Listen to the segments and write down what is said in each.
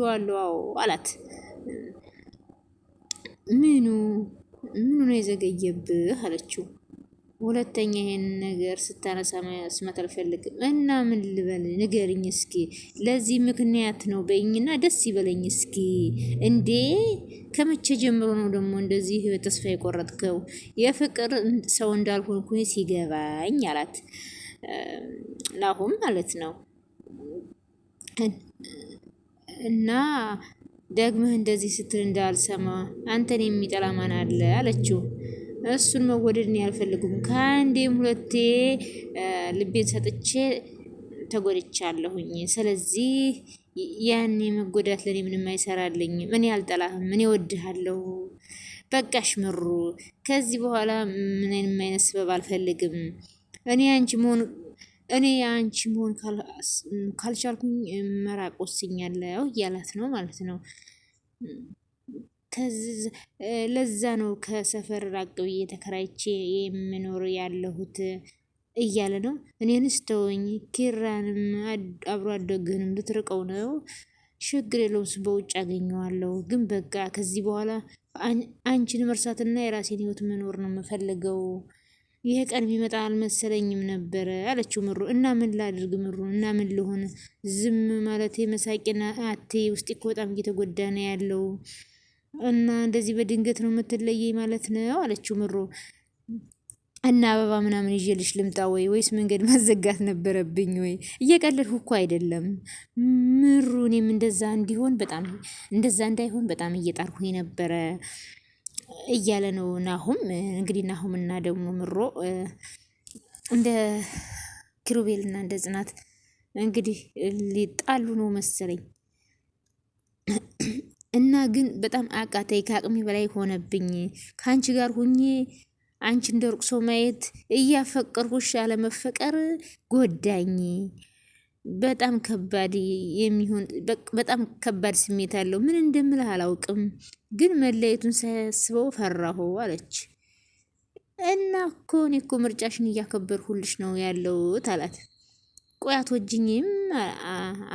እወደዋለሁ አዎ አላት። ምኑ ምኑ ነው የዘገየብህ አለችው። ሁለተኛ ይሄን ነገር ስታነሳ መስማት አልፈልግም። እና ምን ልበል ንገርኝ እስኪ፣ ለዚህ ምክንያት ነው በይኝና ደስ ይበለኝ እስኪ። እንዴ ከመቼ ጀምሮ ነው ደግሞ እንደዚህ ተስፋ የቆረጥከው? የፍቅር ሰው እንዳልሆንኩኝ ሲገባኝ አላት። ላሁም ማለት ነው እና ደግመህ እንደዚህ ስትል እንዳልሰማ አንተን የሚጠላ ማን አለ አለችው። እሱን መወደድን ያልፈልጉም ከአንዴም ሁለቴ ልቤን ሰጥቼ ተጎድቻለሁኝ። ስለዚህ ያኔ መጎዳት ለኔ ምንም አይሰራልኝም። እኔ አልጠላህም፣ እኔ እወድሃለሁ። በቃሽ ምሩ፣ ከዚህ በኋላ ምንም አይነት ስበብ አልፈልግም። እኔ አንቺ መሆን እኔ የአንቺ መሆን ካልቻልኩኝ መራቅ ወስኛለሁ እያላት ነው ማለት ነው። ለዛ ነው ከሰፈር ራቅ ብዬ ተከራይቼ የምኖር ያለሁት እያለ ነው። እኔንስ ተወኝ፣ ኪራንም አብሮ አደግንም ልትርቀው ነው። ችግር የለውም፣ በውጭ አገኘዋለሁ። ግን በቃ ከዚህ በኋላ አንቺን መርሳትና የራሴን ህይወት መኖር ነው የምፈልገው ይሄ ቀን ቢመጣ አልመሰለኝም ነበረ አለችው ምሩ። እና ምን ላድርግ ምሩ፣ እና ምን ልሆን? ዝም ማለት መሳቂና አቴ ውስጥ እኮ በጣም እየተጎዳ ነው ያለው እና እንደዚህ በድንገት ነው የምትለየኝ ማለት ነው አለችው ምሩ። እና አበባ ምናምን ይዤልሽ ልምጣ ወይ ወይስ መንገድ ማዘጋት ነበረብኝ ወይ? እየቀለድኩ እኮ አይደለም ምሩ። እኔም እንደዛ እንዲሆን በጣም እንደዛ እንዳይሆን በጣም እየጣርኩኝ ነበረ እያለ ነው ናሁም። እንግዲህ እና ደግሞ ምሮ እንደ ኪሩቤልና እንደ ጽናት እንግዲህ ሊጣሉ ነው መሰለኝ እና ግን በጣም አቃተይ ከአቅሜ በላይ ሆነብኝ። ከአንቺ ጋር ሁኜ አንቺ እንደ ሰው ማየት እያፈቀርኩሽ አለመፈቀር ጎዳኝ። በጣም ከባድ የሚሆን በጣም ከባድ ስሜት አለው። ምን እንደምልህ አላውቅም፣ ግን መለየቱን ሳያስበው ፈራሁ አለች። እና እኮ እኔ እኮ ምርጫሽን እያከበርሁልሽ ነው ያለሁት አላት። ቆያት ወጅኝም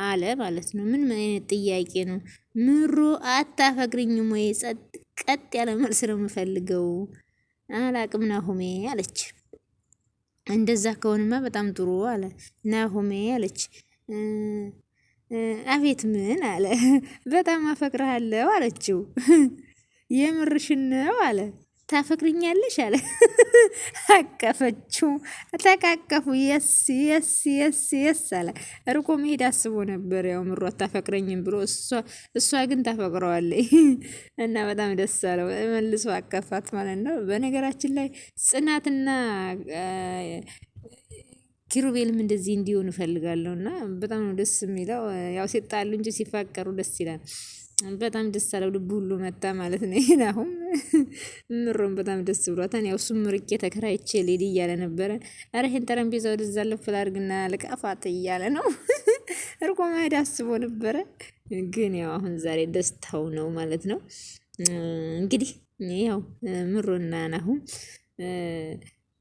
አለ ማለት ነው። ምን አይነት ጥያቄ ነው? ምሮ አታፈቅርኝም ወይ? ቀጥ ያለ መልስ ነው የምፈልገው። አላቅም ናሁሜ አለች። እንደዛ ከሆንማ በጣም ጥሩ አለ ናሆሜ አለች። አቤት ምን አለ። በጣም አፈቅረሃለሁ አለችው። የምርሽን ነው አለ። ታፈቅርኛለሽ አለ። አቀፈችው፣ ተቃቀፉ። የስ የስ የስ የስ አለ። ርቆ መሄድ አስቦ ነበር። ያው ምሮ አታፈቅረኝም ብሎ እሷ ግን ታፈቅረዋለች እና በጣም ደስ አለው። መልሶ አቀፋት ማለት ነው። በነገራችን ላይ ጽናትና ኪሩቤልም እንደዚህ እንዲሆን እፈልጋለሁ እና በጣም ደስ የሚለው። ያው ሲጣሉ እንጂ ሲፋቀሩ ደስ ይላል። በጣም ደስ አለው። ልቡ ሁሉ መታ ማለት ነው። ይሄን አሁን ምሮም በጣም ደስ ብሏታን። ያው እሱም ምርቄ ተከራይቼ ሌሊ እያለ ነበረ። ኧረ ይሄን ጠረጴዛ ወደዛ ልፍ ላድርግና ልቃፋት እያለ ነው። እርቆ መሄድ አስቦ ነበረ፣ ግን ያው አሁን ዛሬ ደስታው ነው ማለት ነው። እንግዲህ ያው ምሮና ናሁም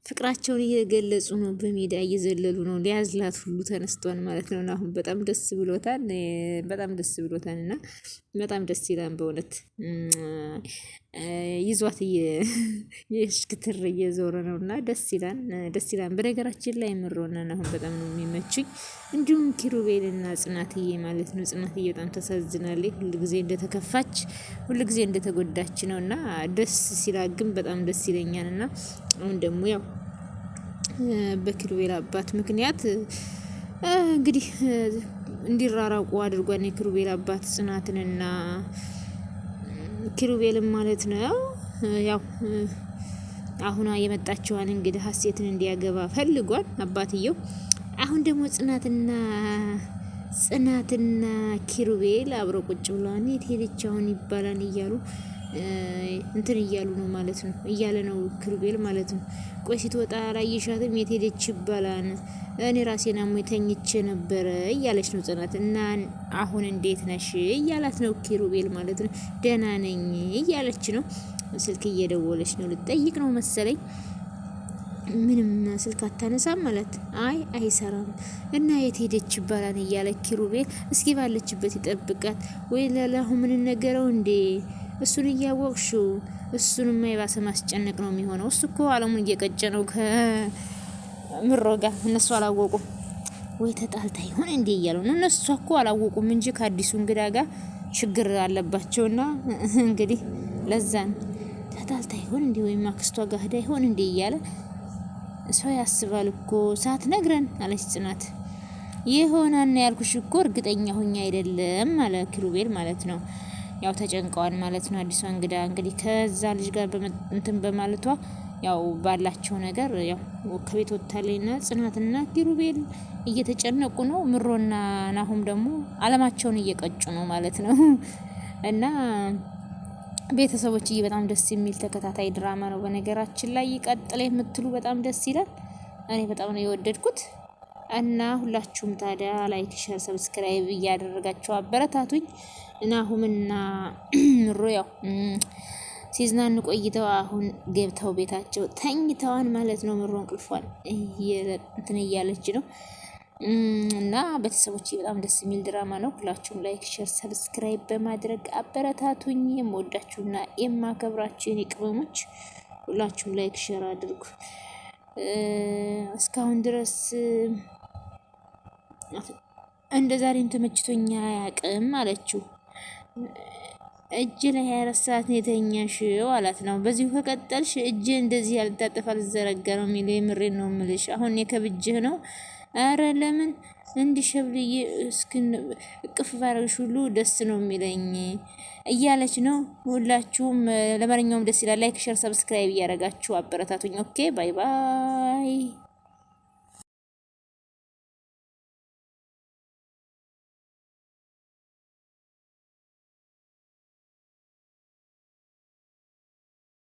ፍቅራቸውን እየገለጹ ነው። በሜዳ እየዘለሉ ነው። ሊያዝላት ሁሉ ተነስቷል ማለት ነው። አሁን በጣም ደስ ብሎታል። በጣም ደስ ብሎታል እና በጣም ደስ ይላል በእውነት ይዟት የሽክትር እየዞረ ነው እና ደስ ይላል ደስ ይላል። በነገራችን ላይ ምሮናን አሁን በጣም ነው የሚመችኝ። እንዲሁም ኪሩቤልና ጽናትዬ ማለት ነው። ጽናትዬ በጣም ተሳዝናለች። ሁልጊዜ እንደተከፋች ሁልጊዜ እንደተጎዳች ነው እና ደስ ሲላ ግን በጣም ደስ ይለኛል እና አሁን ደግሞ ያው በኪሩቤል አባት ምክንያት እንግዲህ እንዲራራቁ አድርጓን የክሩቤል አባት ጽናትንና ኪሩቤልን ማለት ነው። ያው አሁን የመጣችዋን እንግዲህ ሀሴትን እንዲያገባ ፈልጓል አባትየው። አሁን ደግሞ ጽናትና ጽናትና ኪሩቤል አብረው ቁጭ ብለዋል። የት ሄደች አሁን ይባላል እያሉ እንትን እያሉ ነው ማለት ነው እያለ ነው ክሩቤል ማለት ነው። ቆይ ስትወጣ አላየሻትም? የት ሄደች ይባላል። እኔ ራሴን አሞኝ ተኝቼ ነበረ እያለች ነው ጽናት። እና አሁን እንዴት ነሽ እያላት ነው ኪሩቤል ማለት ነው። ደህና ነኝ እያለች ነው። ስልክ እየደወለች ነው፣ ልጠይቅ ነው መሰለኝ። ምንም ስልክ አታነሳም ማለት አይ አይሰራም። እና የት ሄደች ይባላል እያለ ኪሩቤል። እስኪ ባለችበት ይጠብቃት ወይ ለላሁ ምንነገረው እንዴ እሱን እያወቅሽው እሱንማ የባሰ ማስጨነቅ ነው የሚሆነው። እሱ እኮ አለሙን እየቀጨ ነው ከምሮ ጋር። እነሱ አላወቁም ወይ ተጣልታ ይሆን እንዴ እያለ ነው። እነሱ እኮ አላወቁም እንጂ ከአዲሱ እንግዳ ጋር ችግር አለባቸውና እንግዲህ ለዛን ተጣልታ ይሆን እንዴ ወይም አክስቷ ጋር ሄዳ ይሆን እንዴ እያለ ሰው ያስባል እኮ ነግረን አለች ጽናት። ይሆናና ያልኩሽ እኮ እርግጠኛ ሆኜ አይደለም አለ ኪሩቤል ማለት ነው። ያው ተጨንቀዋል ማለት ነው። አዲሷ እንግዳ እንግዲህ ከዛ ልጅ ጋር እንትን በማለቷ ያው ባላቸው ነገር ያው ከቤት ወታለኝና ጽናትና ኪሩቤል እየተጨነቁ ነው። ምሮና ናሁም ደግሞ አለማቸውን እየቀጩ ነው ማለት ነው። እና ቤተሰቦችዬ በጣም ደስ የሚል ተከታታይ ድራማ ነው። በነገራችን ላይ ይቀጥል የምትሉ በጣም ደስ ይላል። እኔ በጣም ነው የወደድኩት። እና ሁላችሁም ታዲያ ላይክ፣ ሸር፣ ሰብስክራይብ እያደረጋችሁ አበረታቱኝ። ናሁምና ምሮ ያው ሲዝናኑ ቆይተው አሁን ገብተው ቤታቸው ተኝተዋን ማለት ነው። ምሮ እንቅልፏን እንትን እያለች ነው እና ቤተሰቦች በጣም ደስ የሚል ድራማ ነው። ሁላችሁም ላይክ ሸር ሰብስክራይብ በማድረግ አበረታቱኝ። የምወዳችሁና የማከብራችሁ የኔ ቅመሞች ሁላችሁም ላይክ ሸር አድርጉ። እስካሁን ድረስ እንደ ዛሬም ተመችቶኛ አያውቅም አለችው። እጅ ላይ 24 ሰዓት ነው የተኛሽው አላት። ነው በዚሁ ከቀጠልሽ እጅ እንደዚህ ያልታጠፋ አልዘረጋ ነው የሚለው። የምሬ ነው ምልሽ። አሁን የከብጅህ ነው። አረ ለምን እንዲህ እስክን እቅፍ ባረግሽ ሁሉ ደስ ነው የሚለኝ እያለች ነው። ሁላችሁም ለማንኛውም ደስ ይላል። ላይክ፣ ሸር፣ ሰብስክራይብ እያደረጋችሁ አበረታቱኝ። ኦኬ ባይ ባይ።